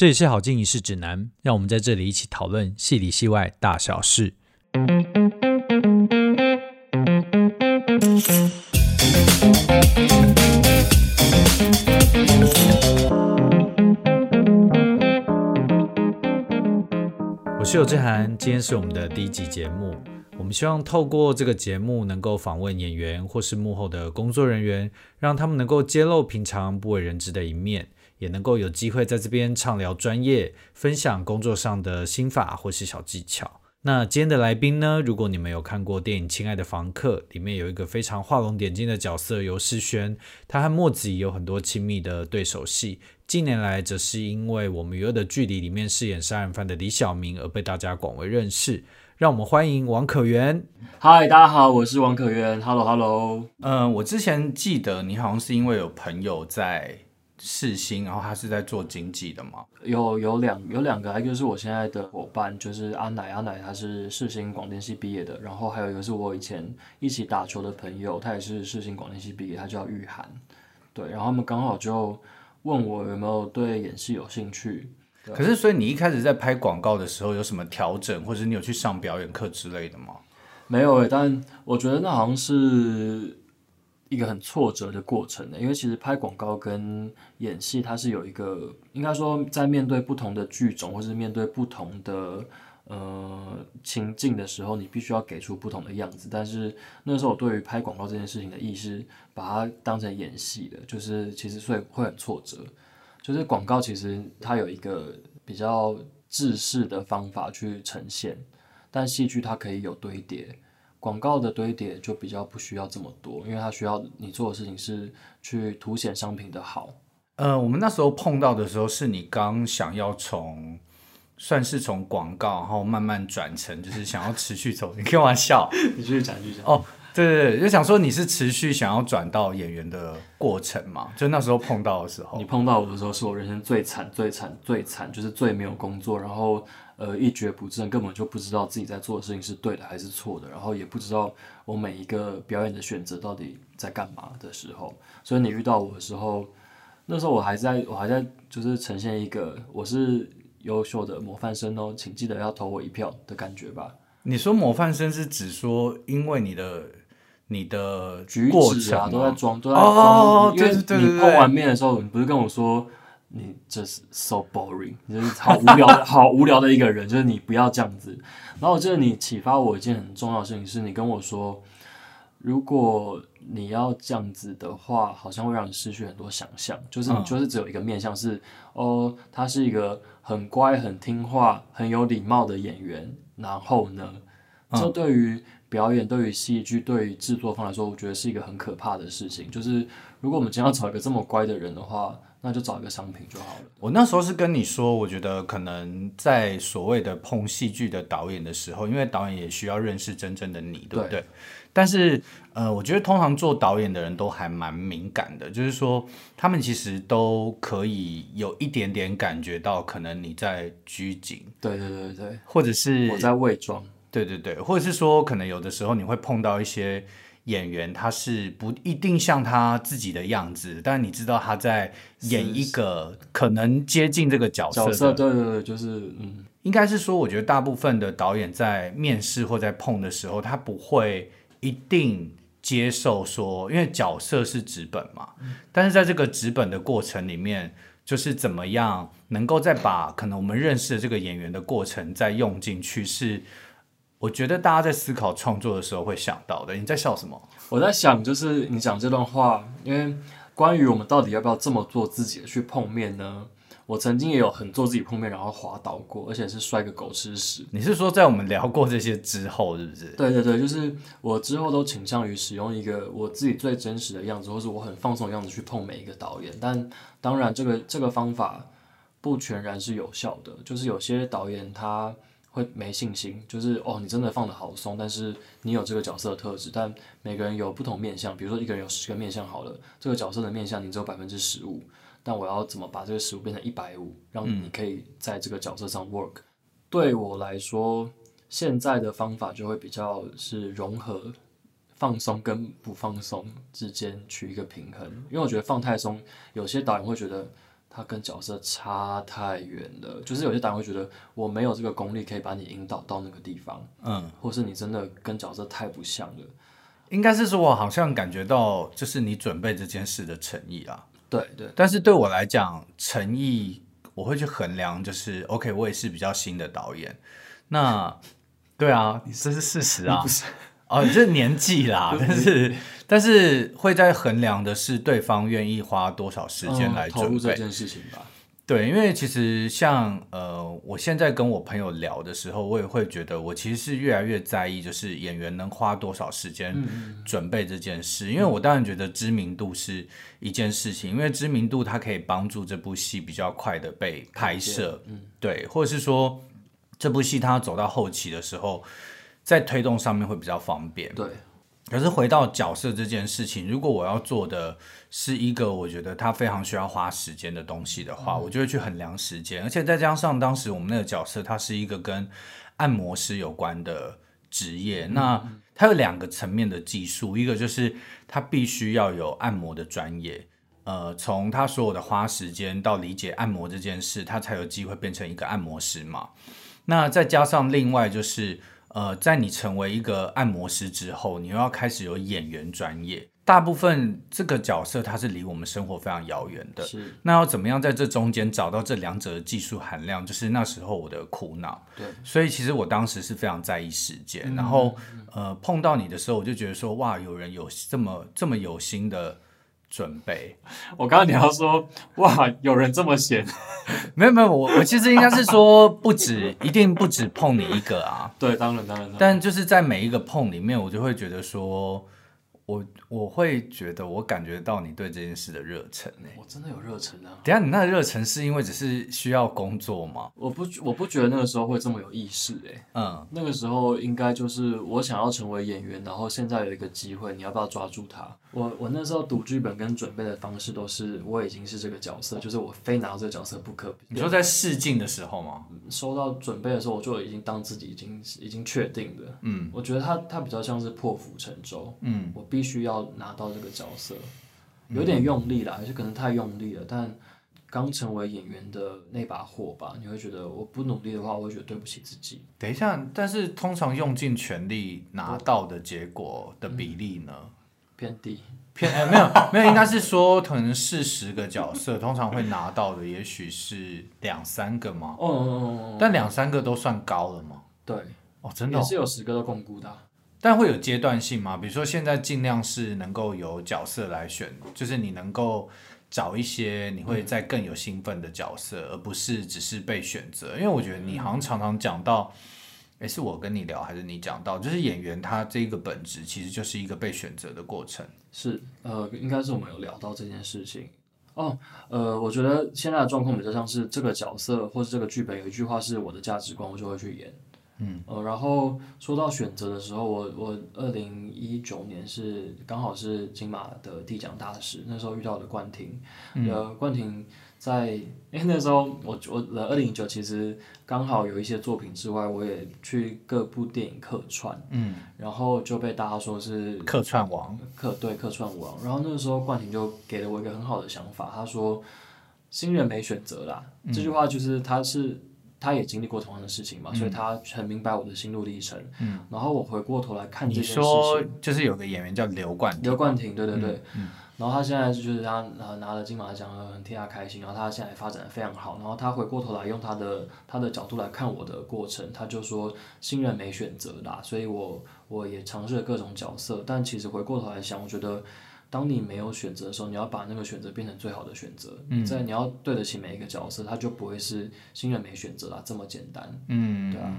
這裡是好勁影事指南，讓我們在這裡一起討論戲裡戲外大小事。我是游智涵，今天是我們的第一集節目。我們希望透過這個節目，能夠訪問演員或是幕後的工作人員，讓他們能夠揭露平常不為人知的一面。也能夠有機會在這邊暢聊專業，分享工作上的心法或是小技巧。那今天的來賓呢？如果你們有看過電影《親愛的房客》，裡面有一個非常畫龍點睛的角色尤士軒，他和莫子儀有很多親密的對手戲。近年來，則是因為《我們與惡的距離》裡面飾演殺人犯的李曉明而被大家廣為認識。讓我們歡迎王可元。嗨，大家好，我是王可元。Hello，Hello。嗯，我之前記得你好像是因為有朋友在。世新，然後他是在做經紀的嗎？有有兩有兩個，一個是我現在的伙伴，就是阿奶，阿奶他是世新廣電系畢業的，然後還有一個是我以前一起打球的朋友，他也是世新廣電系畢業，他叫玉涵，對，然後他們剛好就問我有沒有對演戲有興趣。可是，所以你一開始在拍廣告的時候有什麼調整，或者你有去上表演課之類的嗎？沒有誒、欸，但我覺得那好像是。一個很挫折的過程的、欸，因為其實拍廣告跟演戲它是有一個，應該說在面對不同的劇種或者面對不同的呃情境的時候，你必須要給出不同的樣子。但是那時候我對於拍廣告這件事情的意思，把它當成演戲的，就是其實所以會很挫折。就是廣告其實它有一個比較制式的方法去呈現，但戲劇它可以有堆疊。廣告的堆疊就比較不需要這麼多，因為它需要你做的事情是去凸顯商品的好。呃，我們那時候碰到的時候，是你剛想要從算是從廣告，然後慢慢轉成，就是想要持續走。 你開玩笑，你繼續講繼續講。哦，對對對，就想說你是持續想要轉到演員的過程嘛？就那時候碰到的時候，你碰到我的時候是我人生最慘最慘最慘，就是最沒有工作，然後。呃，一蹶不振，根本就不知道自己在做的事情是對的還是錯的，然後也不知道我每一個表演的選擇到底在干嘛的時候。所以你遇到我的時候，那時候我還在，我還在，就是呈現一個我是優秀的模範生哦，請記得要投我一票的感覺吧。你說模範生是指說因為你的你的、啊、舉止啊都在裝，都在裝。哦，對對對。因為你碰完面的時候，對對對對，你不是跟我說？你就是 so boring，你就是好無聊的、 好無聊的一個人。就是你不要這樣子。然後，我覺得你啟發我一件很重要的事情，是你跟我說，如果你要這樣子的話，好像會讓你失去很多想象。就是，就是只有一個面向是，嗯、哦，他是一個很乖、很聽話、很有禮貌的演員。然後呢，這對於表演、對於戲劇、對於製作方來說，我覺得是一個很可怕的事情。就是，如果我們今天要找一個這麼乖的人的話，那就找一個商品，就好了。我那時候是跟你說，我覺得可能在所謂的碰戲劇的導演的時候，因為導演也需要認識真正的你，對，對不對？但是，呃，我覺得通常做導演的人都還蠻敏感的，就是說他們其實都可以有一點點感覺到，可能你在拘謹，對對對對，或者是我在偽裝，對對對，或者是說可能有的時候你會碰到一些。演員他是不一定像他自己的樣子，但你知道他在演一個可能接近這個角色。角色對對對，就是，嗯，應該是說，我覺得大部分的導演在面試或在碰的時候，他不會一定接受說，因為角色是紙本嘛。但是在這個紙本的過程裡面，就是怎麼樣能夠再把可能我們認識的這個演員的過程再用進去是。我覺得大家在思考創作的時候會想到的，你在笑什麼？我在想，就是你講這段話，因為關於我們到底要不要這麼做自己的去碰面呢？我曾經也有很做自己碰面，然後滑倒過，而且是摔個狗吃屎。你是說在我們聊過這些之後，是不是？對對對，就是我之後都傾向於使用一個我自己最真實的樣子，或是我很放鬆的樣子去碰每一個導演。但當然，這個這個方法不全然是有效的，就是有些導演他，會沒信心，就是哦，你真的放得好鬆，但是你有這個角色的特質，但每個人有不同面向，比如說一個人有十個面向好了，這個角色的面向你只有百分之十五，但我要怎麼把這個十五變成一百五，讓你可以在這個角色上 work。嗯。對我來說，現在的方法就會比較是融合放鬆跟不放鬆之間取一個平衡，因為我覺得放太鬆，有些導演會覺得。他跟角色差太遠了，就是有些導演會覺得我沒有這個功力可以把你引導到那個地方，嗯，或是你真的跟角色太不像了，應該是說，我好像感覺到就是你準備這件事的誠意啊。對對，對但是對我來講，誠意我會去衡量，就是 OK，我也是比較新的導演，那對啊， 你是這是事實啊。哦，這年紀啦，但、 就是但是會在衡量的是對方願意花多少時間來做，哦，這件事情吧？對，因為其實像呃，我現在跟我朋友聊的時候，我也會覺得我其實是越來越在意，就是演員能花多少時間準備這件事。嗯、因為我當然覺得知名度是一件事情，嗯、因為知名度它可以幫助這部戲比較快的被拍攝，嗯，對，或者是說這部戲它走到後期的時候。在推動上面會比較方便。對，可是回到角色這件事情，如果我要做的是一個我覺得他非常需要花時間的東西的話，嗯、我就會去衡量時間。而且再加上當時我們那個角色，他是一個跟按摩師有關的職業，嗯、那他有兩個層面的技術，一個就是他必須要有按摩的專業，呃，從他所有的花時間到理解按摩這件事，他才有機會變成一個按摩師嘛。那再加上另外就是。嗯嗯呃，在你成為一個按摩師之後，你又要開始有演員專業。大部分這個角色它是離我們生活非常遙遠的。是。那要怎麼樣在這中間找到這兩者的技術含量，就是那時候我的苦惱。對。所以其實我當時是非常在意時間。嗯。然後，呃，碰到你的時候，我就覺得說，哇，有人有這麼這麼有心的。準備，我剛剛你要說，哇，有人這麼閒？ 沒有沒有，我我其實應該是說，不止， 一定不止碰你一個啊。 對，當然當然。當然但就是在每一個碰裡面，我就會覺得說。我我會覺得，我感覺到你對這件事的熱忱呢、欸。我真的有熱忱啊！等下你那熱忱是因為只是需要工作嗎？我不我不覺得那個時候會這麼有意識誒、欸，嗯，那個時候應該就是我想要成為演員，然後現在有一個機會，你要不要抓住它？我我那時候讀劇本跟準備的方式都是，我已經是這個角色，就是我非拿到這個角色不可。你說在試鏡的時候嗎、嗯？收到準備的時候，我就已經當自己已經已經確定的，嗯，我覺得他他比較像是破釜沉舟，嗯，我必須要拿到這個角色，有點用力啦，還是、嗯、可能太用力了？但剛成為演員的那把火吧，你會覺得我不努力的話，我會覺得對不起自己。等一下，但是通常用盡全力拿到的結果的比例呢？偏低偏哎，沒有沒有，應該是說可能是十個角色， 通常會拿到的也許是兩三個嘛。哦，但兩三個都算高了嘛。對哦，真的、哦、是有十個都摃龜的、啊。但會有階段性嗎？比如說，現在儘量是能夠有角色來選，就是你能夠找一些你會再更有興奮的角色，嗯、而不是只是被選擇。因為我覺得你好像常常講到，嗯、誒，是我跟你聊，還是你講到？就是演員他這個本質其實就是一個被選擇的過程。是，呃，應該是我們有聊到這件事情哦。呃，我覺得現在的狀況比較像是這個角色或是這個劇本有一句話是我的價值觀，我就會去演。嗯、呃，然後說到選擇的時候，我我二零一九年是剛好是金馬的遞獎大使，那時候遇到了冠廷，呃、嗯，冠廷在，因、欸、為那時候我我的二零一九其實剛好有一些作品之外，我也去各部電影客串，嗯，然後就被大家說是客串王，客對客串王，然後那個時候冠廷就給了我一個很好的想法，他說，新人沒選擇啦，嗯、這句話就是他是。他也經歷過同樣的事情嘛，嗯，所以他很明白我的心路歷程。嗯，然後我回過頭來看這件事情。你說就是有個演員叫劉冠。劉冠廷，對對對，嗯，嗯，然後他現在就是他拿，拿了金馬獎，很替他開心。然後他現在發展的非常好。然後他回過頭來用他的他的角度來看我的過程，他就說新人沒選擇啦，所以我我也嘗試了各種角色，但其實回過頭來想，我覺得。當你沒有選擇的時候，你要把那個選擇變成最好的選擇。嗯，你在你要對得起每一個角色，他就不會是新人沒選擇啦，這麼簡單。嗯，對啊，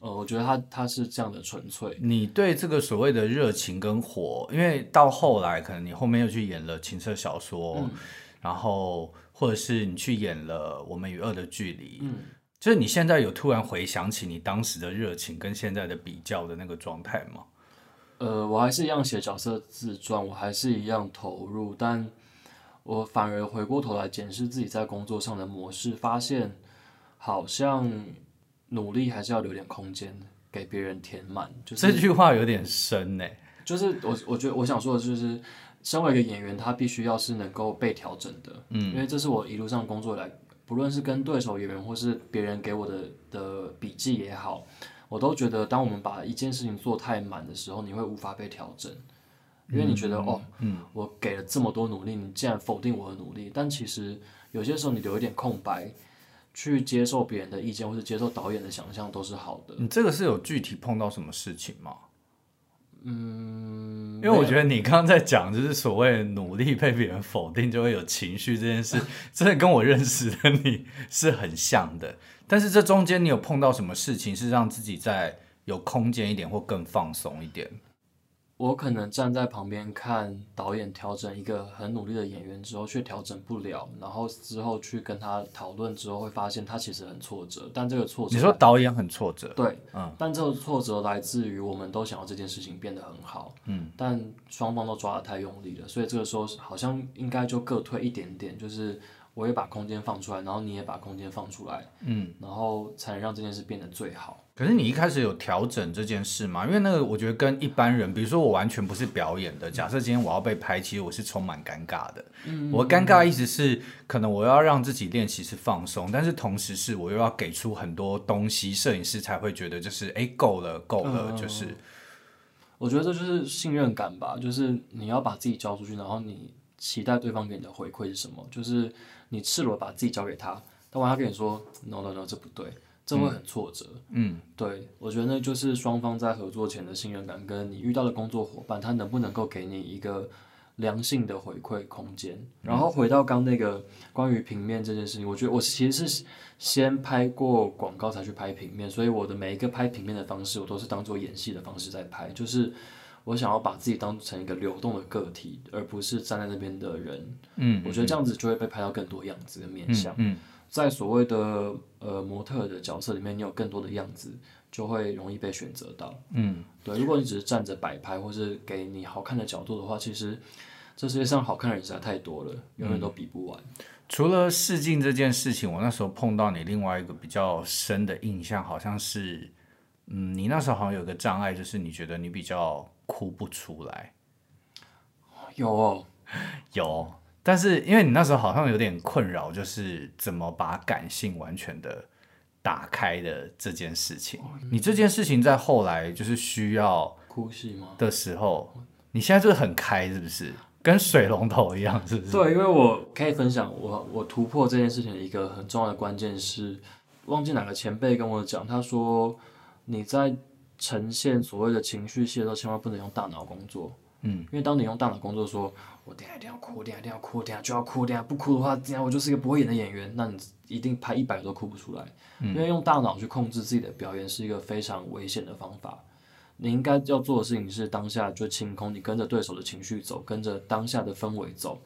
呃，我覺得他他是這樣的純粹。你對這個所謂的熱情跟火，因為到後來可能你後面又去演了《情色小說》，嗯，然後或者是你去演了《我們與惡的距離》，嗯，就是你現在有突然回想起你當時的熱情跟現在的比較的那個狀態嗎？呃，我還是一樣寫角色自傳，我還是一樣投入，但我反而回過頭來檢視自己在工作上的模式，發現好像努力還是要留點空間給別人填滿。就是這句話有點深呢，欸，嗯，就是我我覺得我想說的就是，身為一個演員，他必須要是能夠被調整的，嗯，因為這是我一路上工作以來，不論是跟對手演員或是別人給我的的筆記也好。我都覺得，當我們把一件事情做太滿的時候，你會無法被調整，因為你覺得，嗯，哦，嗯，我給了這麼多努力，你竟然否定我的努力。但其實有些時候，你留一點空白，去接受別人的意見，或者接受導演的想象，都是好的。你這個是有具體碰到什麼事情嗎？嗯，因為我覺得你剛剛在講，就是所謂努力被別人否定就會有情緒這件事， 真的跟我認識的你是很像的。但是這中間你有碰到什麼事情是讓自己再有空間一點或更放鬆一點？我可能站在旁邊看導演調整一個很努力的演員之後卻調整不了，然後之後去跟他討論之後會發現他其實很挫折。但這個挫折，你說導演很挫折，對，嗯。但這個挫折來自於我們都想要這件事情變得很好，嗯。但雙方都抓得太用力了，所以這個時候好像應該就各退一點點，就是。我也把空間放出來，然後你也把空間放出來，嗯，然後才能讓這件事變得最好。可是你一開始有調整這件事嗎？因為那個，我覺得跟一般人，比如說我完全不是表演的。假設今天我要被拍，其實我是充滿尷尬的。我尷尬的意思是，可能我要讓自己練習是放鬆，嗯、但是同時是我又要給出很多東西，攝影師才會覺得就是，誒、欸，夠了，夠了，嗯、就是。我覺得這就是信任感吧，就是你要把自己交出去，然後你，期待對方給你的回饋是什麼？就是你赤裸把自己交給他，但萬一他跟你說 “no no no”，這不對，這會很挫折。嗯，對，我覺得那就是雙方在合作前的信任感，跟你遇到的工作夥伴他能不能夠給你一個良性的回饋空間。然後回到剛剛那個關於平面這件事情，我覺得我其實是先拍過廣告才去拍平面，所以我的每一個拍平面的方式，我都是當做演戲的方式在拍，就是。我想要把自己當成一個流動的個體，而不是站在那邊的人。嗯，嗯，我覺得這樣子就會被拍到更多樣子跟面相。嗯，嗯，在所謂的呃模特的角色裡面，你有更多的樣子，就會容易被選擇到。嗯，對。如果你只是站着擺拍，或是給你好看的角度的話，其實這世界上好看的人實在太多了，永遠都比不完。嗯，除了試鏡這件事情，我那時候碰到你另外一個比較深的印象，好像是，嗯，你那時候好像有個障礙，就是你覺得你比較。哭不出來，有哦，有，但是因為你那時候好像有點困擾，就是怎麼把感性完全的打開的這件事情。嗯，你這件事情在後來就是需要哭戲嗎，的時候，你現在就是很開，是不是？跟水龍頭一樣，是不是？對，因為我可以分享我，我我突破這件事情的一個很重要的關鍵，是忘記哪個前輩跟我講，他說你在呈現所謂的情緒戲的時候，千萬不能用大腦工作。嗯，因為當你用大腦工作說，說我等一下一定要哭，等一下，一定要哭，等一下就要哭，等一下不哭的話，等下我就是一個不會演的演員。那你一定拍一百個都哭不出來。嗯，因為用大腦去控制自己的表演是一個非常危險的方法。你應該要做的事情是當下就清空，你跟着對手的情緒走，跟着當下的氛圍走。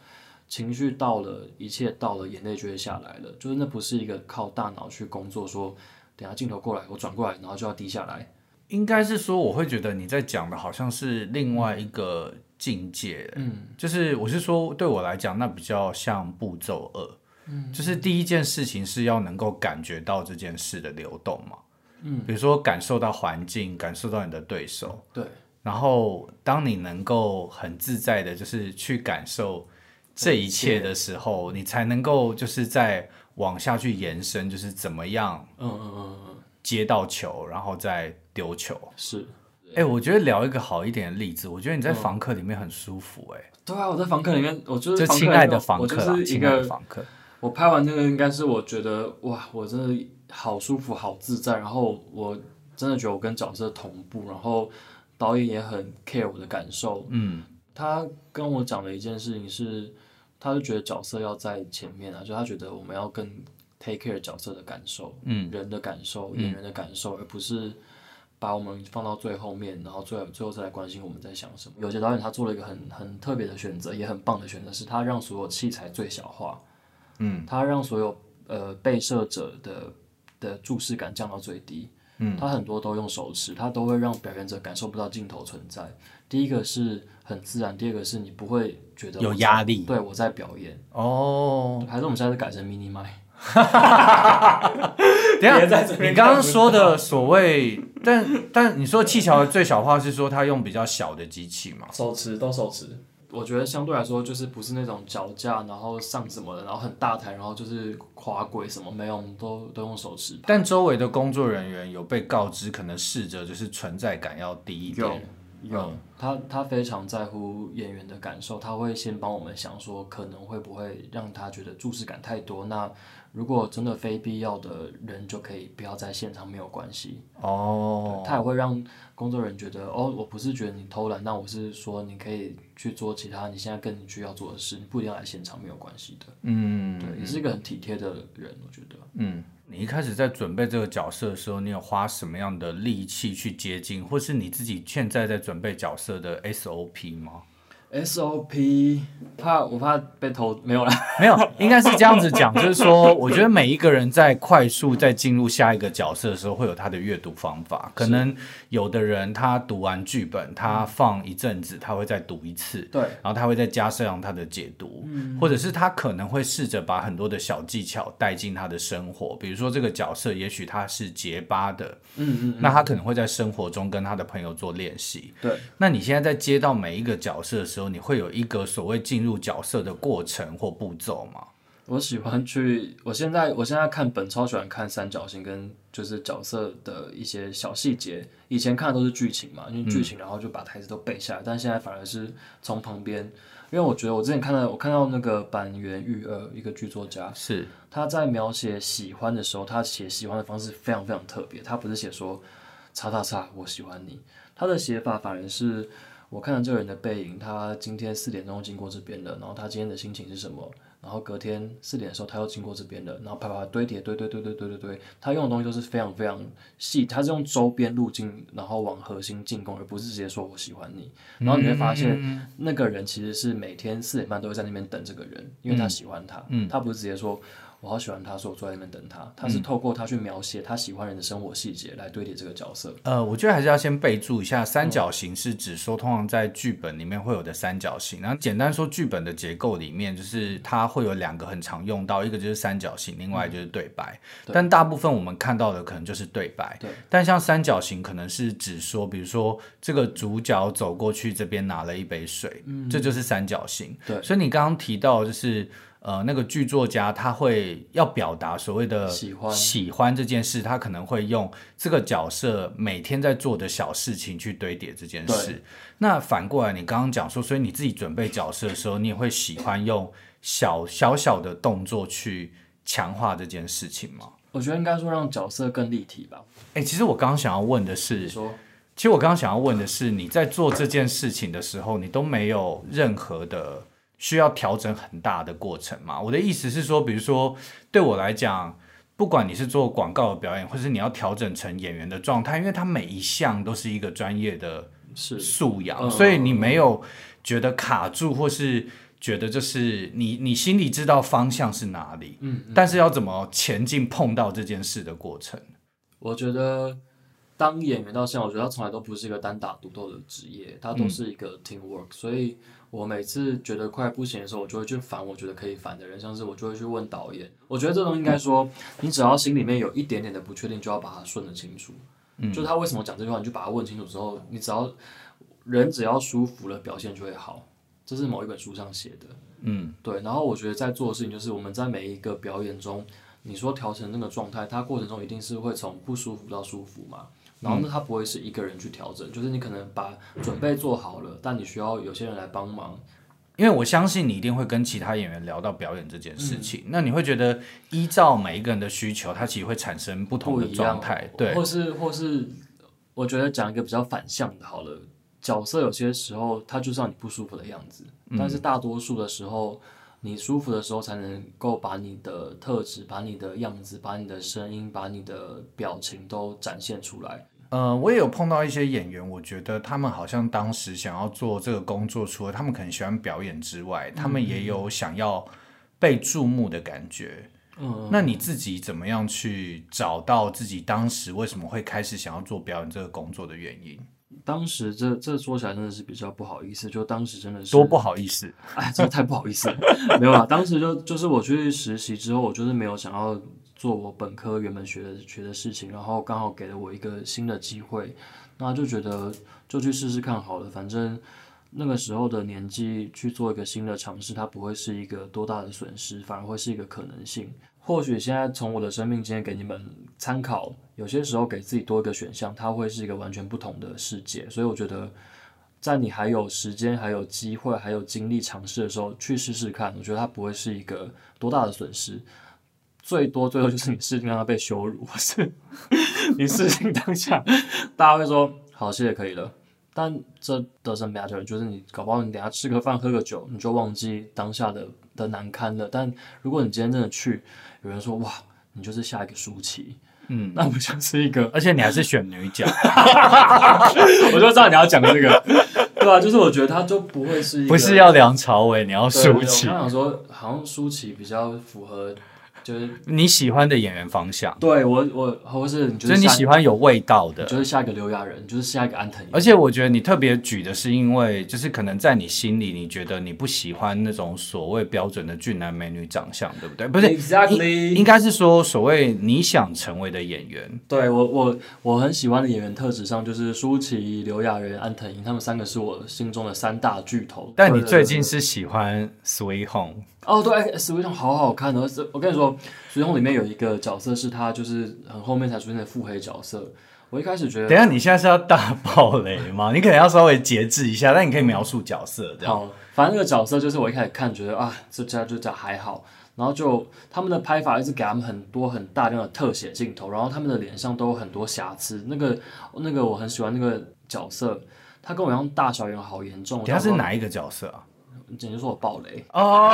情緒到了，一切到了，眼淚就會下來了，就是那不是一個靠大腦去工作說，說等下鏡頭過來，我轉過來，然後就要滴下來。應該是說，我會覺得你在講的好像是另外一個境界。欸，嗯，就是我是說，對我來講，那比較像步驟二，嗯，就是第一件事情是要能夠感覺到這件事的流動嘛，嗯，比如說感受到環境，嗯、感受到你的對手，對，然後當你能夠很自在的，就是去感受這一切的時候，對你才能夠就是再往下去延伸，就是怎麼樣，嗯，接到球，嗯嗯嗯然後再。丟球是，哎、欸，我覺得聊一個好一點的例子，嗯、我覺得你在房客裡面很舒服，欸，哎，對啊，我在房客裡面，我覺得就親愛的房客啦，親愛的房客，我拍完那個應該是我覺得哇，我真的好舒服，好自在，然後我真的覺得我跟角色同步，然後導演也很 care 我的感受，嗯，他跟我講了一件事情是，他就覺得角色要在前面啊，就他覺得我們要更 take care 角色的感受，嗯，人的感受，演員的感受，嗯、而不是。把我們放到最後面，然後最最後再來關心我們在想什麼。有些導演他做了一個很很特別的選擇，也很棒的選擇，是他讓所有器材最小化，嗯，他讓所有呃被攝者的的注視感降到最低，嗯，他很多都用手持，他都會讓表演者感受不到鏡頭存在。第一個是很自然，第二個是你不會覺得有壓力。對，我在表演。哦，還是我們現在是改成迷你麥？哈， 等一下，你剛剛說的所謂， 但但你說技巧的氣球最小化是說他用比較小的機器嘛？手持都手持，我覺得相對來說就是不是那種腳架，然後上什麼的，然後很大台，然後就是滑軌什麼沒有，都都用手持。但周圍的工作人員有被告知，可能試着就是存在感要低一點。有，嗯、他他非常在乎演員的感受，他會先幫我們想說可能會不會讓他覺得注視感太多，那。如果真的非必要的人，就可以不要在現場，沒有關係。哦，oh，他也會讓工作人員覺得，哦，我不是覺得你偷懶，那我是說你可以去做其他你現在更你需要做的事，你不一定要來現場，沒有關係的。嗯，對，你是一個很體貼的人，我覺得。嗯，你一開始在準備這個角色的時候，你有花什麼樣的力氣去接近，或是你自己現在在準備角色的 SOP 嗎？S, S O P，怕我怕被投沒有了，沒有，應該是這樣子講， 就是說，我覺得每一個人在快速在進入下一個角色的時候，會有他的閱讀方法。可能有的人他讀完劇本，是他放一陣子，嗯、他會再讀一次，對，然後他會再加上他的解讀，嗯、或者是他可能會試着把很多的小技巧帶進他的生活，比如說這個角色也許他是結巴的，嗯，嗯嗯，那他可能會在生活中跟他的朋友做練習，對，那你現在在接到每一個角色的時候。你會有一個所謂進入角色的過程或步驟嗎？我喜歡去，我現在我現在看本超喜歡看三角形跟就是角色的一些小細節。以前看的都是劇情嘛，因為劇情，然後就把台詞都背下來。嗯。但現在反而是從旁邊，因為我覺得我之前看到我看到那個坂元裕二一個劇作家，是他在描寫喜歡的時候，他寫喜歡的方式非常非常特別。他不是寫說，叉叉叉，我喜歡你。他的寫法反而是。我看到這個人的背影，他今天四點鐘經過這邊的，然後他今天的心情是什麼？然後隔天四點的時候他又經過這邊的，然後啪啪，堆疊堆堆堆堆堆堆堆，他用的東西都是非常非常細，他是用週邊路徑然後往核心進攻，而不是直接說我喜歡你。然後你會發現，嗯、那個人其實是每天四點半都會在那邊等這個人，因為他喜歡他，嗯嗯、他不是直接說。我好喜歡他，所以我坐在那邊等他。他是透過他去描寫他喜歡人的生活細節來堆疊這個角色。呃，我覺得還是要先備注一下，三角形是指說通常在劇本裡面會有的三角形。嗯、然後簡單說劇本的結構裡面，就是它會有兩個很常用到，一個就是三角形，另外就是對白。嗯、對，但大部分我們看到的可能就是對白。對。但像三角形，可能是指說，比如說這個主角走過去這邊拿了一杯水，嗯，嗯，這就是三角形。對。所以你剛剛提到就是。呃，那個劇作家他會要表達所謂的喜歡喜歡這件事，歡他可能會用這個角色每天在做的小事情去堆疊這件事。對那反過來，你剛剛講說，所以你自己準備角色的時候，你也會喜歡用小小小的動作去強化這件事情嗎？我覺得應該說，讓角色更立體吧。誒、欸，其實我剛剛想要問的是，說其實我剛剛想要問的是，你在做這件事情的時候，你都沒有任何的。需要調整很大的過程嘛？我的意思是說，比如說，對我來講，不管你是做廣告的表演，或是你要調整成演員的狀態，因為它每一項都是一個專業的素養，呃、所以你沒有覺得卡住，或是覺得就是你你心裡知道方向是哪裡，嗯嗯、但是要怎麼前進？碰到這件事的過程，我覺得當演員到現在，我覺得他從來都不是一個單打獨鬥的職業，他都是一個 teamwork，、嗯、所以。我每次覺得快不行的時候，我就會去煩我覺得可以煩的人，像是我就會去問導演。我覺得這種應該說，嗯、你只要心裡面有一點點的不確定，就要把它順得清楚。嗯，就他為什麼講這句話，你就把它問清楚之後，你只要人只要舒服了，表現就會好。這是某一本書上寫的。嗯，對。然後我覺得在做的事情就是，我們在每一個表演中，你說調成那個狀態，它過程中一定是會從不舒服到舒服嘛。然後呢，他不會是一個人去調整，就是你可能把準備做好了，嗯、但你需要有些人來幫忙。因為我相信你一定會跟其他演員聊到表演這件事情，嗯、那你會覺得依照每一個人的需求，它其實會產生不同的狀態，對。或是或是，我覺得講一個比較反向的，好了，角色有些時候它就是讓你不舒服的樣子，嗯、但是大多數的時候，你舒服的時候才能夠把你的特質、把你的樣子、把你的聲音、把你的表情都展現出來。嗯、呃，我也有碰到一些演員，我覺得他們好像當時想要做這個工作，除了他們可能喜歡表演之外，嗯嗯嗯，他們也有想要被注目的感覺。嗯，嗯，那你自己怎麼樣去找到自己當時為什麼會開始想要做表演這個工作的原因？當時這這說起來真的是比較不好意思，就當時真的是多不好意思，哎，真的太不好意思了。 沒有啊，當時就就是我去實習之後，我就是沒有想要。做我本科原本學的學的事情，然後剛好給了我一個新的機會，那就覺得就去試試看好了。反正那個時候的年紀去做一個新的嘗試，它不會是一個多大的損失，反而會是一個可能性。或許現在從我的生命經驗給你們參考，有些時候給自己多一個選項，它會是一個完全不同的世界。所以我覺得，在你還有時間、還有機會、還有精力嘗試的時候，去試試看，我覺得它不會是一個多大的損失。最多最後就是你事情讓他被羞辱，不是， 你事情當下， 大家會說好，謝謝可以了。但這 doesn't matter，就是你搞不好你等下吃個飯喝個酒，你就忘記當下的的難堪了。但如果你今天真的去，有人說哇，你就是下一個舒淇，嗯，那不就是一個？而且你還是選女角， 我就知道你要講這個， 對吧、啊？就是我覺得他就不會是，不是要梁朝偉，你要舒淇。我想，想說，好像舒淇比較符合。就是你喜歡的演員方向，對我我或是就是，就是你喜歡有味道的，就是下一個劉亞仁，就是下一個安藤櫻。而且我覺得你特別舉的是因為就是可能在你心裡，你覺得你不喜歡那種所謂標準的俊男美女長相，對不對？不是，exactly，應，應該是說所謂你想成為的演員。對我我我很喜歡的演員特質上就是舒淇、劉亞仁、安藤櫻，他們三個是我心中的三大巨頭。對的對的，但你最近是喜歡 Sweet Home。哦，S oh, 對，S V 那好好看的。哦，我跟你說，水桶裡面有一個角色，是他就是很後面才出現的腹黑角色。我一開始覺得，等一下你現在是要大爆雷嗎？ 你可能要稍微節制一下，但你可以描述角色，對吧？好，反正那個角色就是我一開始看覺得啊，就這家這家還好，然後就他們的拍法一直給他們很多很大量的特寫鏡頭，然後他們的臉上都有很多瑕疵。那個那個我很喜歡那個角色，他跟我一樣大小眼，好嚴重。他是哪一個角色啊？簡直是我暴雷哦！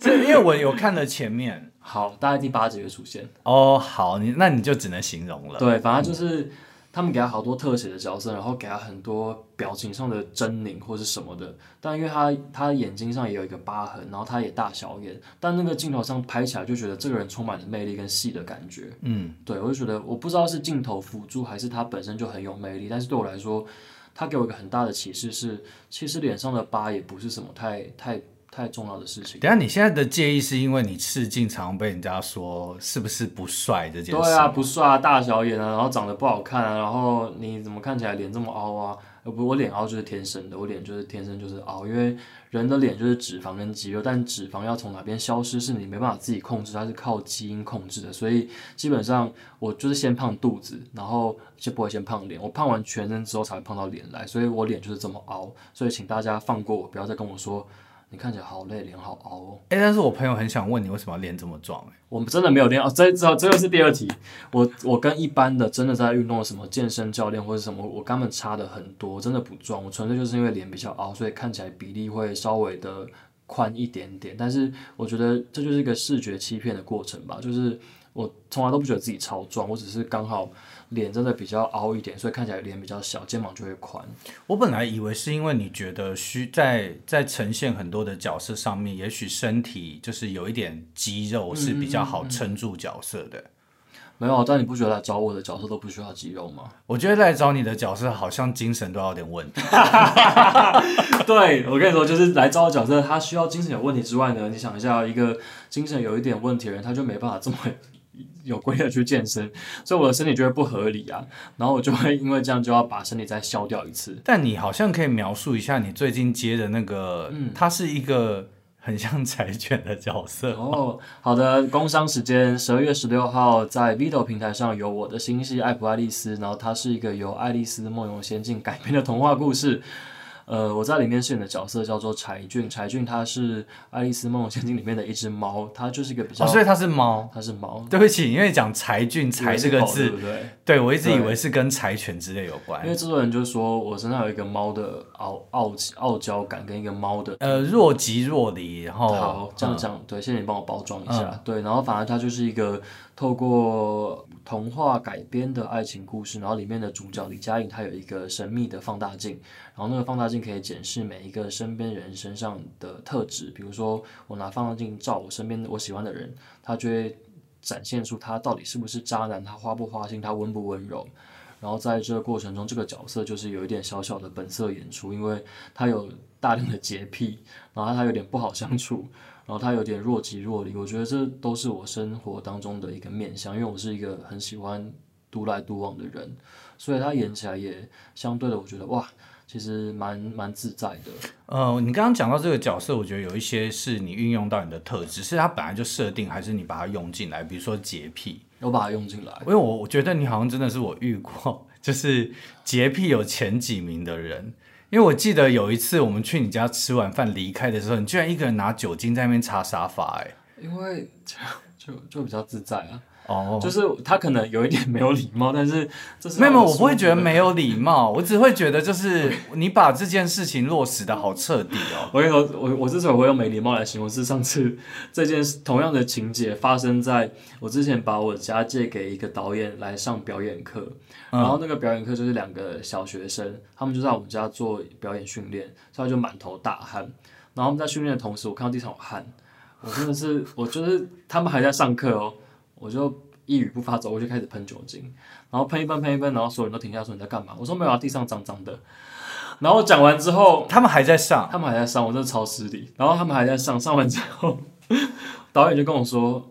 這因為我有看了前面， 好，大概第八集就出現哦。Oh, 好，你那你就只能形容了。對，反正就是、嗯、他們給他好多特寫的角色，然後給他很多表情上的猙獰或是什麼的。但因為他他眼睛上也有一個疤痕，然後他也大小眼，但那個鏡頭上拍起來就覺得這個人充滿了魅力跟戲的感覺。嗯，對，我就覺得我不知道是鏡頭輔助還是他本身就很有魅力，但是對我來說。他給我一個很大的啟示是，其實臉上的疤也不是什麼太太太重要的事情。等下，你現在的介意是因為你試鏡常被人家說是不是不帥這件事？對啊，不帥啊，大小眼啊，然後長得不好看啊，然後你怎麼看起來臉這麼凹啊？不，我臉凹就是天生的，我臉就是天生就是凹，因為。人的臉就是脂肪跟肌肉，但脂肪要從哪邊消失是你沒辦法自己控制，它是靠基因控制的。所以基本上我就是先胖肚子，然後就不會先胖臉。我胖完全身之後才會胖到臉來，所以我臉就是這麼凹。所以請大家放過我，不要再跟我說。你看起來好累，臉好凹哦。欸，但是我朋友很想問你，為什麼要臉這麼壯？欸，我們真的沒有練哦。這這這又是第二題。我我跟一般的真的在運動什麼健身教練或者什麼，我根本差的很多。真的不壯，我純粹就是因為臉比較凹，所以看起來比例會稍微的寬一點點。但是我覺得這就是一個視覺欺騙的過程吧，就是。我從來都不覺得自己超壯，我只是剛好臉真的比較凹一點，所以看起來臉比較小，肩膀就會寬。我本來以為是因為你覺得需在在呈現很多的角色上面，也許身體就是有一點肌肉是比較好撐住角色的。嗯嗯嗯。沒有，但你不覺得來找我的角色都不需要肌肉嗎？我覺得來找你的角色好像精神都有點問題。 對，我跟你說，就是來找我角色，他需要精神有問題之外呢，你想一下，一個精神有一點問題的人，他就沒辦法這麼。有規則去健身，所以我的身體覺得不合理啊，然後我就會因為這樣就要把身體再削掉一次。但你好像可以描述一下你最近接的那個，嗯，它是一個很像柴犬的角色。哦，oh, 好的，工傷時間十二月十六號在 v i d o 平台上有我的新戲《愛普愛麗絲》，然後它是一個由《愛麗絲夢遊仙境》改編的童話故事。呃，我在裡面飾演的角色叫做柴郡，柴郡他是愛《愛麗絲夢遊仙境》裡面的一只貓，它就是一個比較，哦、所以它是貓，它是貓。對不起，因為講柴郡“柴”這個字，對，對我一直以為是跟柴犬之類有關。因為制作人就說我身上有一個貓的傲傲傲嬌感跟一個貓的呃若即若離，然後好這樣講，嗯、對，現在你幫我包裝一下，嗯、對，然後反而它就是一個。透過童話改編的愛情故事，然後裡面的主角李佳穎她有一個神秘的放大鏡，然後那個放大鏡可以檢視每一個身邊人身上的特質，比如說我拿放大鏡照我身邊我喜歡的人，他就會展現出他到底是不是渣男，他花不花心，他溫不溫柔。然後在這個過程中，這個角色就是有一點小小的本色演出，因為他有大量的潔癖，然後他有點不好相處。然後他有點若即若離，我覺得這都是我生活當中的一個面相，因為我是一個很喜歡獨來獨往的人，所以他演起來也相對的，我覺得哇，其實蠻蠻自在的。嗯、呃，你剛剛講到這個角色，我覺得有一些是你運用到你的特質，是他本來就設定，還是你把它用進來？比如說潔癖，我把它用進來，因為我我覺得你好像真的是我遇過，就是潔癖有前幾名的人。因為我記得有一次我們去你家吃晚飯，離開的時候，你居然一個人拿酒精在那邊擦沙發。欸，哎，因為這樣就就，就比較自在啊。哦，oh. 就是他可能有一點沒有禮貌，但是這是沒有，我不會覺得沒有禮貌， 我只會覺得就是你把這件事情落實的好徹底哦。 我跟你說，我我之所以我用沒禮貌來形容，是上次這件同樣的情節發生在我之前把我家借給一個導演來上表演課，嗯、然後那個表演課就是兩個小學生，他們就在我們家做表演訓練，所以就滿頭大汗。然後我們在訓練的同時，我看到地上有汗，我真的是，我就是他們還在上課哦。我就一語不發走，走我就開始噴酒精，然後噴一噴，噴一噴，然後所有人都停下來說你在幹嘛？我說沒有啊，地上髒髒的。然後講完之後，他們還在上，他們還在上，我真的超失禮，然後他們還在上，上完之後，導演就跟我說：“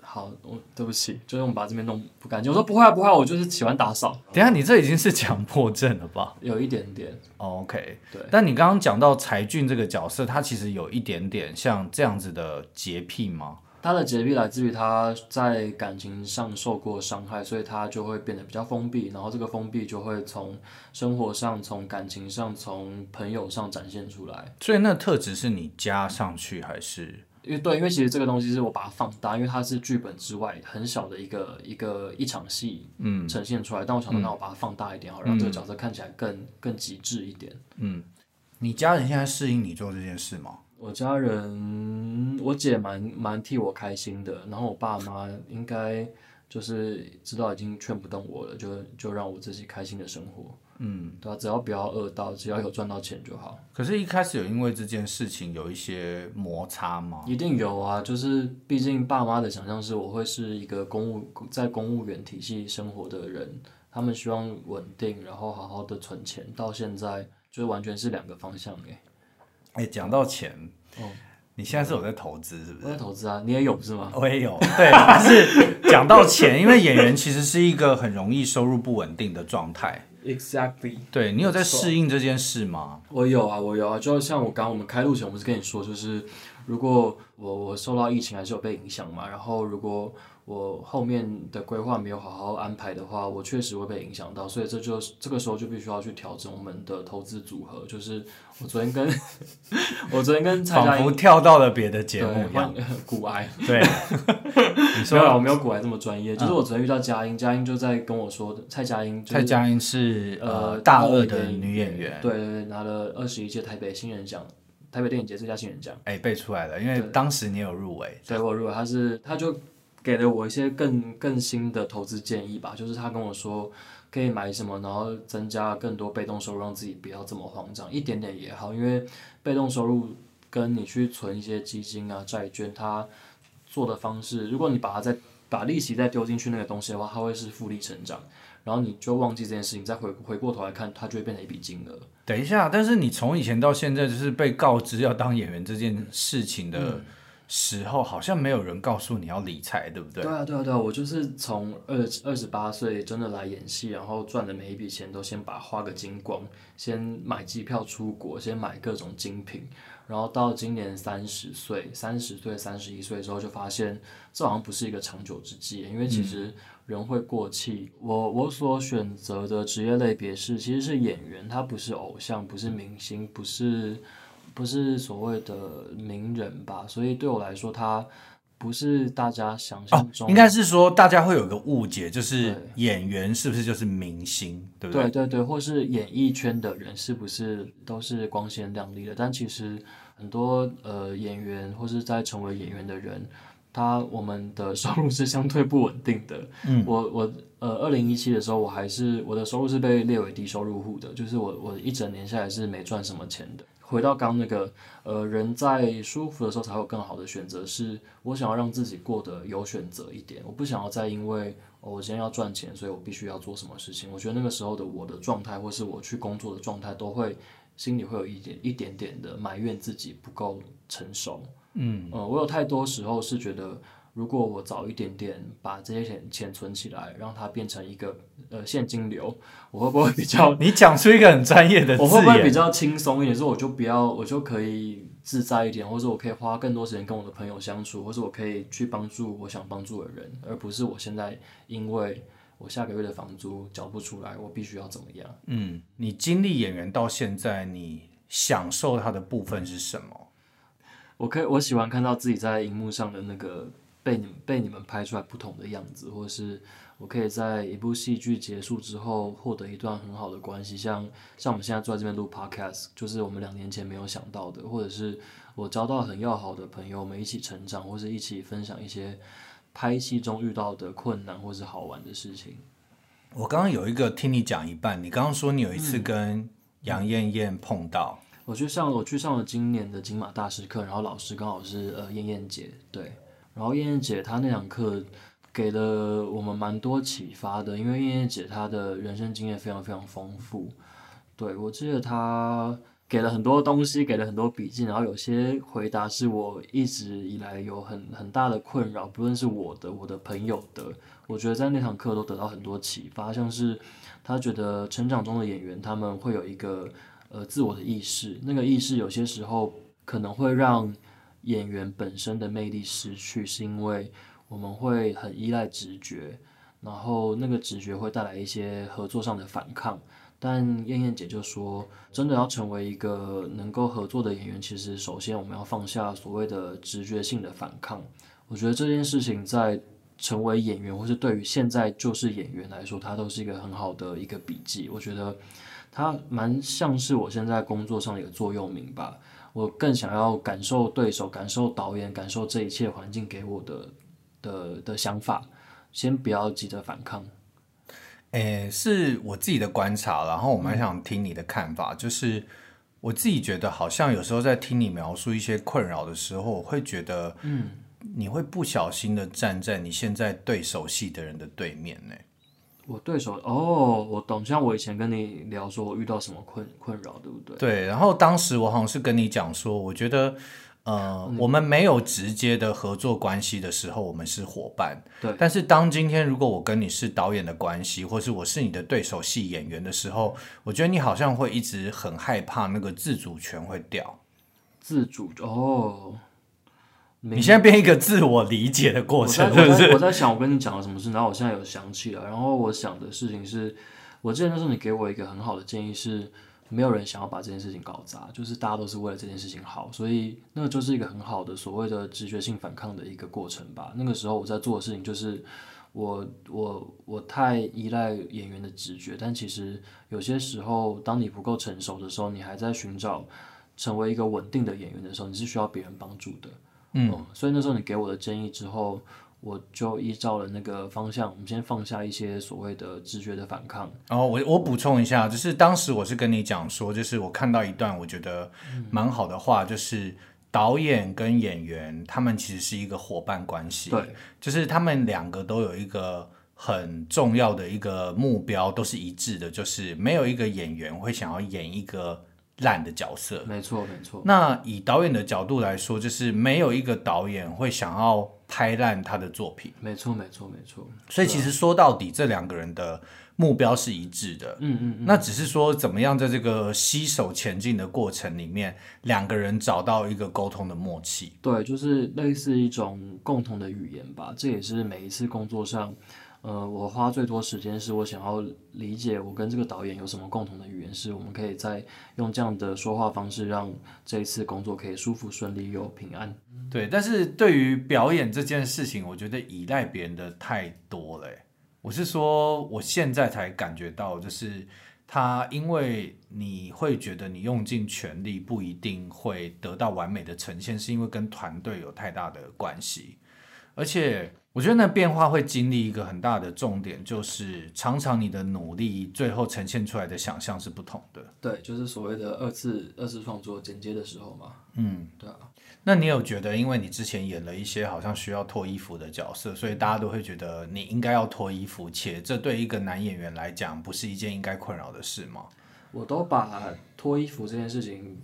好，我對不起，就是我們把這邊弄不乾淨。”我說不：“不會啊，不會，我就是喜歡打掃。”等一下，你這已經是強迫症了吧？有一點點。OK，對。但你剛剛講到才俊這個角色，他其實有一點點像這樣子的潔癖嗎？他的潔癖來自於他在感情上受過傷害，所以他就會變得比較封閉，然後這個封閉就會從生活上、從感情上、從朋友上展現出來。所以那特質是你加上去還是？因為、嗯、對，因為其實這個東西是我把它放大，因為它是劇本之外很小的一個一個一場戲呈現出來。嗯、但我想說，那我把它放大一點好，讓這個角色看起來更、嗯、更極致一點。嗯，你家人現在適應你做這件事嗎？我家人，嗯、我姐蠻蠻替我開心的，然後我爸媽應該就是知道已經勸不動我了，就就讓我自己開心的生活。嗯，對啊，只要不要餓到，只要有賺到錢就好。可是，一開始有因為這件事情有一些摩擦嗎？一定有啊，就是畢竟爸媽的想象是我會是一個公務，在公務員體系生活的人，他們希望穩定，然後好好的存錢。到現在，就是完全是兩個方向誒。哎、欸，講到錢，嗯哦、你現在是有在投資是不是？我在投資啊，你也有是嗎？我也有，對。但 是 講到錢，因為演員其實是一個很容易收入不穩定的狀態。Exactly 對。對，你有在適應這件事嗎？嗯、我有啊，我有啊。就是像我剛，剛我們開錄前，我不是跟你說，就是如果我我受到疫情還是有被影響嘛，然後如果。我後面的規劃沒有好好安排的話，我確實會被影響到，所以這就這個時候就必須要去調整我們的投資組合。就是我昨天跟我昨天跟蔡佳音仿佛跳到了別的節目一樣，股癌對，沒有，我沒有股癌這麼專業，就是我昨天遇到佳音，佳音就在跟我說，蔡佳音，蔡佳音是呃大二的女演員，對對對，拿了二十一屆台北新人獎，台北電影節最佳新人獎，哎，背出來了，因為當時你有入圍，對我入圍，他是他就給了我一些更更新的投資建議吧，就是他跟我說可以買什麼，然後增加更多被動收入，讓自己不要這麼慌張，一點點也好，因為被動收入跟你去存一些基金啊、債券，它做的方式，如果你把它再把利息再丟進去那個東西的話，它會是複利成長，然後你就忘記這件事情，再回回過頭來看，它就會變成一筆金額。等一下，但是你從以前到現在就是被告知要當演員這件事情的，嗯時候好像沒有人告訴你要理財，對不對？對啊，對啊，對啊！我就是從二二十八歲真的來演戲，然後賺的每一筆錢都先把花個精光，先買機票出國，先買各種精品，然後到今年三十歲、三十歲、三十一歲之後，就發現這好像不是一個長久之計，因為其實人會過氣。我我所選擇的職業類別是，其實是演員，他不是偶像，不是明星，嗯、不是。不是所謂的名人吧，所以對我來說，他不是大家想象中，哦。應該是說，大家會有一個誤解，就是演員是不是就是明星，對，對不對？對對對，或是演藝圈的人是不是都是光鮮亮麗的？但其實很多呃演員，或是在成為演員的人，他我們的收入是相對不穩定的。嗯，我我呃，二零一七的時候，我還是我的收入是被列為低收入戶的，就是我我一整年下來是沒賺什麼錢的。回到剛剛那個，呃，人在舒服的時候才有更好的選擇。是我想要讓自己過得有選擇一點，我不想要再因為，哦，我今天要賺錢，所以我必須要做什麼事情。我覺得那個時候的我的狀態，或是我去工作的狀態，都會心裡會有一點一點點的埋怨自己不夠成熟。嗯，呃，我有太多時候是覺得。如果我早一點點把這些錢錢存起來，讓它變成一個呃現金流，我會不會比較？你講出一個很專業的，我會不會比較輕鬆一點？說我就比較，我就可以自在一點，或者我可以花更多時間跟我的朋友相處，或者我可以去幫助我想幫助的人，而不是我現在因為我下個月的房租繳不出來，我必須要怎麼樣？嗯，你經歷演員到現在，你享受它的部分是什麼？我可以，我喜歡看到自己在熒幕上的那個。被你被你們拍出來不同的樣子，或者是我可以在一部戲劇結束之後獲得一段很好的關係，像像我們現在坐在這邊錄 podcast，就是我們兩年前沒有想到的，或者是我交到很要好的朋友，我們一起成長，或者是一起分享一些拍戲中遇到的困難或是好玩的事情。我剛剛有一個聽你講一半，你剛剛說你有一次跟楊雁雁碰到，嗯，我去上了，我去上了今年的金馬大師課，然後老師剛好是呃雁雁姐，對。然後雁雁姐她那堂課給了我們蠻多啟發的，因為雁雁姐她的人生經驗非常非常豐富，對，我記得她給了很多東西，給了很多筆記，然後有些回答是我一直以來有很很大的困擾，不論是我的、我的朋友的，我覺得在那堂課都得到很多啟發，像是她覺得成長中的演員他們會有一個呃自我的意識，那個意識有些時候可能會讓。演員本身的魅力失去，是因為我們會很依賴直覺，然後那個直覺會帶來一些合作上的反抗。但雁雁姐就說，真的要成為一個能夠合作的演員，其實首先我們要放下所謂的直覺性的反抗。我覺得這件事情在成為演員，或是對於現在就是演員來說，它都是一個很好的一個筆記。我覺得它蠻像是我現在工作上的一個座右銘吧。我更想要感受對手、感受導演、感受這一切環境給我的的的想法，先不要急着反抗。誒、欸，是我自己的觀察，然後我蠻想聽你的看法，嗯、就是我自己覺得好像有時候在聽你描述一些困擾的時候，我會覺得，嗯，你會不小心的站在你現在對手戲的人的對面呢、欸。我對手哦，我懂。像我以前跟你聊，說我遇到什麼困困擾，對不對？對。然後當時我好像是跟你講說，我覺得，呃，嗯，我們沒有直接的合作關係的時候，我們是夥伴。對。但是當今天如果我跟你是導演的關係，或是我是你的對手戲演員的時候，我覺得你好像會一直很害怕那個自主權會掉。自主哦。你現在變一個自我理解的過程，對不對？我在想，我跟你講了什麼事，然後我現在有想起了。然後我想的事情是，我記得就是你給我一個很好的建議是，是沒有人想要把這件事情搞砸，就是大家都是為了這件事情好，所以那個就是一個很好的所謂的直覺性反抗的一個過程吧。那個時候我在做的事情就是，我我我太依賴演員的直覺，但其實有些時候，當你不夠成熟的時候，你還在尋找成為一個穩定的演員的時候，你是需要別人幫助的。嗯、哦，所以那時候你給我的建議之後，我就依照了那個方向。我們先放下一些所謂的直覺的反抗。然後、哦、我我補充一下，就是當時我是跟你講說，就是我看到一段我覺得蠻好的話，就是導演跟演員他們其實是一個夥伴關係，對，就是他們兩個都有一個很重要的一個目標，都是一致的，就是沒有一個演員會想要演一個。爛的角色，沒錯沒錯。那以導演的角度來說，就是沒有一個導演會想要拍爛他的作品，沒錯沒錯沒錯。所以其實說到底，啊、這兩個人的目標是一致的，嗯嗯嗯。嗯嗯，那只是說怎麼樣在這個攜手前進的過程裡面，兩個人找到一個溝通的默契，對，就是類似一種共同的語言吧。這也是每一次工作上，呃，我花最多時間是我想要理解我跟這個導演有什麼共同的語言，是我們可以再用這樣的說話方式，讓這一次工作可以舒服、順利又平安。對，但是對於表演這件事情，我覺得依賴別人的太多了。我是說，我現在才感覺到，就是他，因為你會覺得你用盡全力不一定會得到完美的呈現，是因為跟團隊有太大的關係。而且我覺得那變化會經歷一個很大的重點，就是常常你的努力最後呈現出來的想象是不同的。對，就是所謂的二次二次創作剪接的時候嘛。嗯，對啊。那你有覺得，因為你之前演了一些好像需要脫衣服的角色，所以大家都會覺得你應該要脫衣服，且這對一個男演員來講不是一件應該困擾的事嗎？我都把脫衣服這件事情。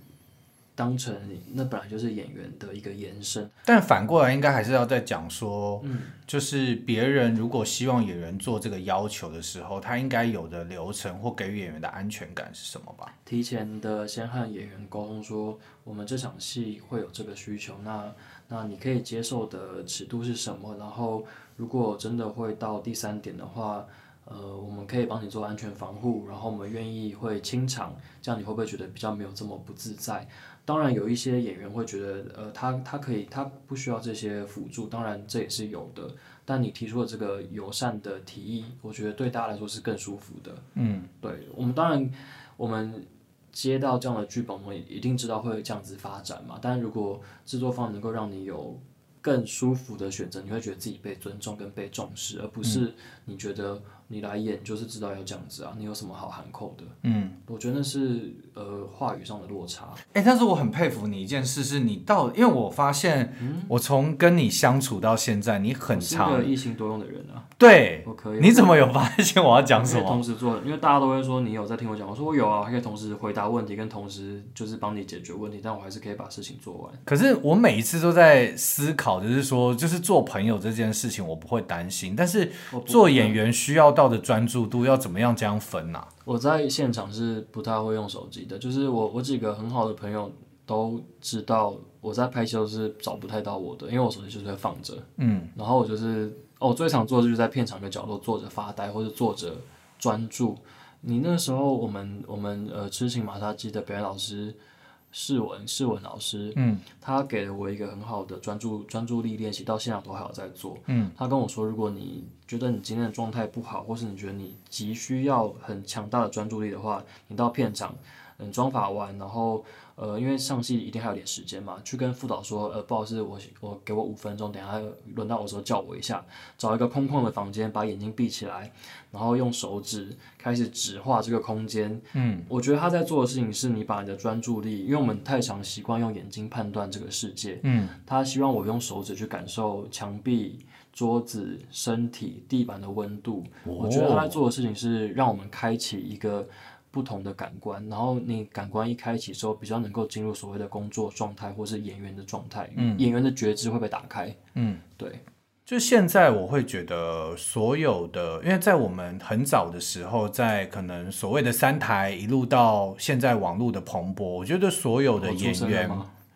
當成你那本來就是演員的一個延伸，但反過來應該還是要再講說，嗯、就是別人如果希望演員做這個要求的時候，他應該有的流程或給予演員的安全感是什麼吧？提前的先和演員溝通說，我們這場戲會有這個需求，那那你可以接受的尺度是什麼？然後如果真的會到第三點的話，呃，我們可以幫你做安全防護，然後我們願意會清場，這樣你會不會覺得比較沒有這麼不自在？當然，有一些演員會覺得，呃，他他可以，他不需要這些輔助，當然這也是有的。但你提出的這個友善的提議，我覺得對大家來說是更舒服的。嗯，對，我們當然，我們接到這樣的劇本，我們一定知道會這樣子發展嘛。但如果製作方能夠讓你有更舒服的選擇，你會覺得自己被尊重跟被重視，而不是你覺得。你來演就是知道要這樣子啊？你有什麼好含口的？嗯，我覺得那是呃話語上的落差。哎、欸，但是我很佩服你一件事，是你到因為我發現，我從跟你相處到現在，你很常、嗯、是一心多用的人啊。對，我可以。你怎麼有發現我要講什麼？我同時做，因為大家都會說你有在聽我講。我說我有啊，還可以同時回答問題，跟同時就是幫你解決問題，但我還是可以把事情做完。可是我每一次都在思考，就是說，就是做朋友這件事情，我不會擔心，但是做演員需要。到的專注度要怎麼樣這樣分呢、啊？我在現場是不太會用手機的，就是我我幾個很好的朋友都知道我在拍戲都是找不太到我的，因為我手機就是在放着，嗯，然後我就是哦，我最常做的就是在片場的角落坐着發呆或者坐着專注。你那時候我們我們呃，痴情馬殺雞的表演老師。試文，試文老師，嗯，他給了我一個很好的專注專注力練習，到現在都還有在做。嗯，他跟我說，如果你覺得你今天的狀態不好，或是你覺得你急需要很強大的專注力的話，你到片場，嗯，妝髮完，然後。呃，因為上戲一定還有點時間嘛，去跟副導說，呃，不好意思，我我給我五分鐘，等下輪到我時候叫我一下，找一個空曠的房間，把眼睛閉起來，然後用手指開始指畫這個空間。嗯，我覺得他在做的事情是，你把你的專注力，因為我們太常習慣用眼睛判斷這個世界。嗯，他希望我用手指去感受牆壁、桌子、身體、地板的溫度。哦，我覺得他在做的事情是讓我們開啟一個。不同的感官，然後你感官一開啟之後，比較能夠進入所謂的工作狀態或是演員的狀態，嗯、演員的覺知會被打開。嗯，對。就現在，我會覺得所有的，因為在我們很早的時候，在可能所謂的三台一路到現在網絡的蓬勃，我覺得所有的演員，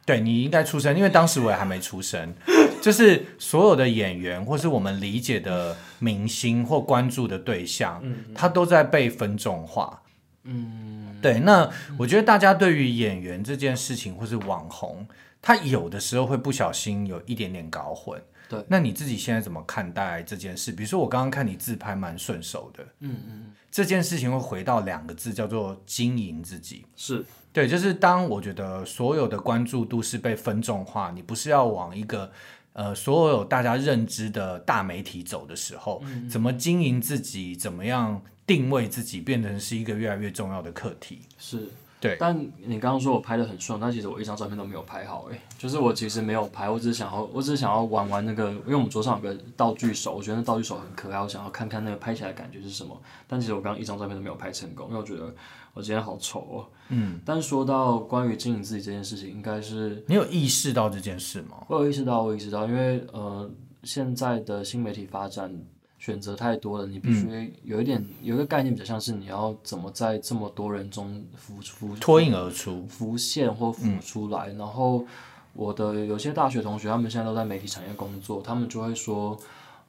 對，你應該出生，因為當時我也還沒出生。 就是所有的演員，或是我們理解的明星或關注的對象，嗯、他都在被分眾化。嗯，對，那我覺得大家對於演員這件事情或是網紅，他有的時候會不小心有一點點搞混。對，那你自己現在怎麼看待這件事？比如說，我剛剛看你自拍蠻順手的。嗯嗯，這件事情會回到兩個字，叫做經營自己。是。對，就是當我覺得所有的關注度是被分眾化，你不是要往一個呃所有大家認知的大媒體走的時候，怎麼經營自己，怎麼樣？定位自己變成是一個越來越重要的課題，是，對。但你剛剛說我拍得很順，但其實我一張照片都沒有拍好，欸，誒，就是我其實沒有拍，我只是想要，我只是想要玩玩那個，因為我們桌上有個道具手，我覺得那道具手很可愛，我想要看看那個拍起來的感覺是什麼。但其實我剛剛一張照片都沒有拍成功，因為我覺得我今天好醜哦，喔。嗯，但說到關於經營自己這件事情，應該是你有意識到這件事嗎？我有意識到，我意識到，因為呃，現在的新媒體發展。選擇太多了，你必須有一點、嗯、有一個概念，比較像是你要怎麼在這麼多人中浮出脫穎而出、浮現或浮出來。嗯、然後，我的有些大學同學他們現在都在媒體產業工作，他們就會說，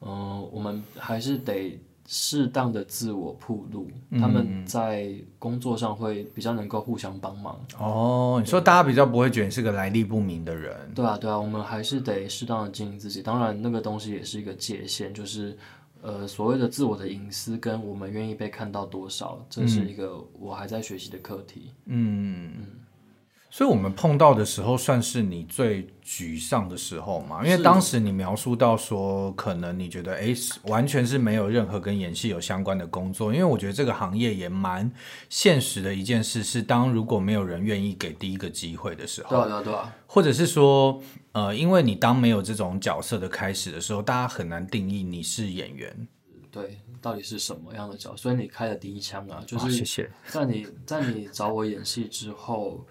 嗯、呃，我們還是得適當的自我鋪路。嗯、他們在工作上會比較能夠互相幫忙。哦，對你說大家比較不會覺得你是個來歷不明的人。對啊，對啊，我們還是得適當的經營自己。當然，那個東西也是一個界限，就是。呃，所謂的自我的隱私跟我們願意被看到多少，這是一個我還在學習的課題。嗯嗯嗯。嗯所以我們碰到的時候，算是你最沮喪的時候嘛？因為當時你描述到說，可能你覺得的誒，完全是沒有任何跟演戲有相關的工作。因為我覺得這個行業也蠻現實的一件事，是當如果沒有人願意給第一個機會的時候，對啊、對啊、對啊。或者是說，呃，因為你當沒有這種角色的開始的時候，大家很難定義你是演員，對，到底是什麼樣的角色？所以你開了第一槍啊，就是，啊，謝謝。在你，在你找我演戲之後。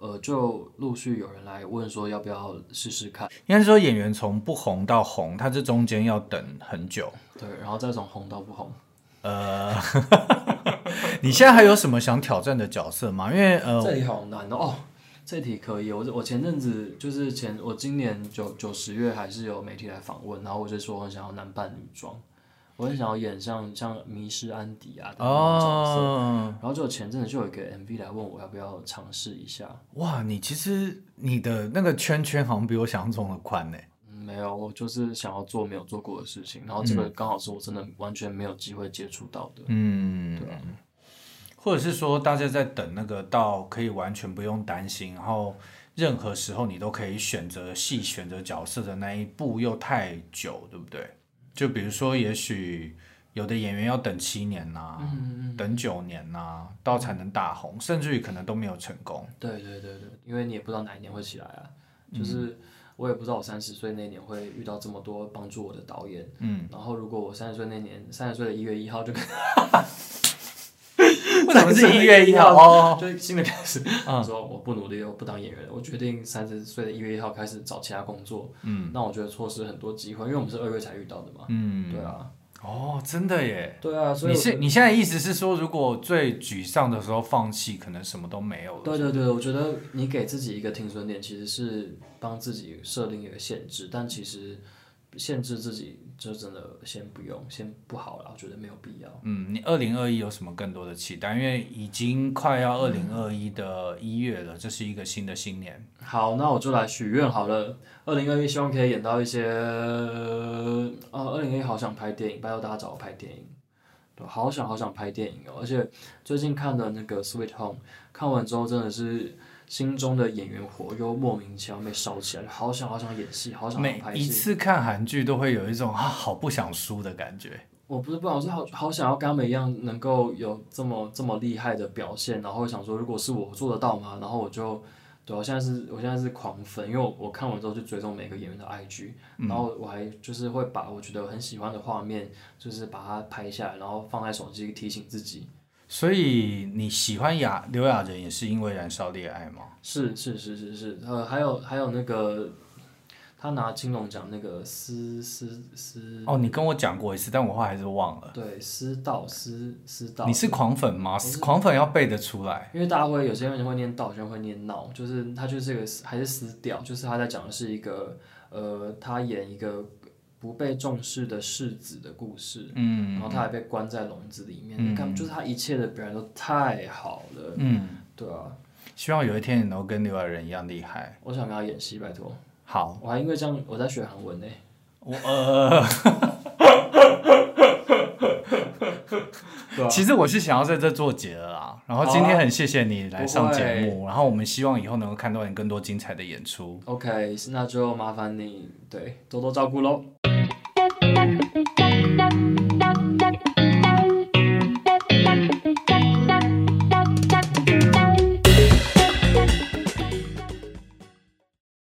呃，就陸續有人來問說，要不要試試看。應該說，演員從不紅到紅，他這中間要等很久。對，然後再從紅到不紅。呃， 你現在還有什麼想挑戰的角色嗎？因為呃，這題好難哦。哦，這題可以，我我前陣子就是，前我今年九九十月還是有媒體來訪問，然後我就說，我很想要男扮女裝。我很想要演像像迷失安狄啊的那種角色，哦、然後就前陣子就有一個 MV 來問我要不要嘗試一下。哇，你其實你的那個圈圈好像比我想象中的寬呢，嗯。沒有，我就是想要做沒有做過的事情，然後這個剛好是我真的完全沒有機會接觸到的。嗯，對。或者是說，大家在等那個到可以完全不用擔心，然後任何時候你都可以選擇戲、選擇角色的那一步又太久，對不對？就比如說，也許有的演員要等七年吶、啊，嗯嗯嗯，等九年吶、啊，到才能大紅，甚至於可能都沒有成功。對對對對，因為你也不知道哪一年會起來啊。嗯、就是我也不知道我三十歲那年會遇到這麼多幫助我的導演。嗯。然後，如果我三十歲那年，三十歲的一月一號就 不能是一月一號，歲哦，就新的開始。嗯，說我不努力，我不當演員了，我決定三十歲的一月一號開始找其他工作。嗯，那我覺得錯失很多機會，因為我們是二月才遇到的嘛。嗯，對啊。哦，真的耶。對啊，所以你現你現在意思是說，如果最沮喪的時候放棄，可能什麼都沒有了。對對對，我覺得你給自己一個停損點，其實是幫自己設定一個限制，但其實。限制自己，就真的先不用，先不好了，我覺得沒有必要。嗯，你二零二一有什麼更多的期待？因為已經快要二零二一的一月了，嗯、這是一個新的新年。好，那我就來許願好了。二零二一希望可以演到一些，啊，二零二一好想拍電影，拜托大家找我拍電影，對，好想好想拍電影哦。而且最近看了那個《Sweet Home》，看完之後真的是。心中的演員火又莫名其妙被燒起來，好想好想演戲，好想好拍戲。每一次看韓劇都會有一種好，好不想輸的感覺。我不是不想，我是好好想要跟他們一樣，能夠有這麼這麼厲害的表現。然後想說，如果是我做得到嗎？然後我就，對啊，我現在是，我現在是狂粉，因為我我看完之後就追蹤每個演員的 IG，然後我還就是會把我覺得很喜歡的畫面，就是把它拍下來，然後放在手機提醒自己。所以你喜歡亞，劉亞仁也是因為《燃燒烈愛》嗎？是是是是是，呃，還有還有那個，他拿青龍獎那個《思思思》哦，你跟我講過一次，但我後來還是忘了。對，《思悼》斯《思思悼》。你是狂粉嗎？是狂粉要背得出來。因為大家會有些人會念道，有些人會念鬧，就是他就是這個還是思調，就是他在講的是一個呃，他演一個。不被重視的世子的故事，嗯，然後他還被關在籠子裡面，你看、嗯，就是他一切的表演都太好了，嗯，對啊，希望有一天你能跟劉亞仁一樣厲害。我想要他演戲，拜託。好，我還因為這樣我在學韓文呢。我、哦、呃，其實我是想要在這做節目啊，然後今天很謝謝你來上節目，啊欸、然後我們希望以後能夠看到你更多精彩的演出。OK，那就麻煩你對多多照顧嘍。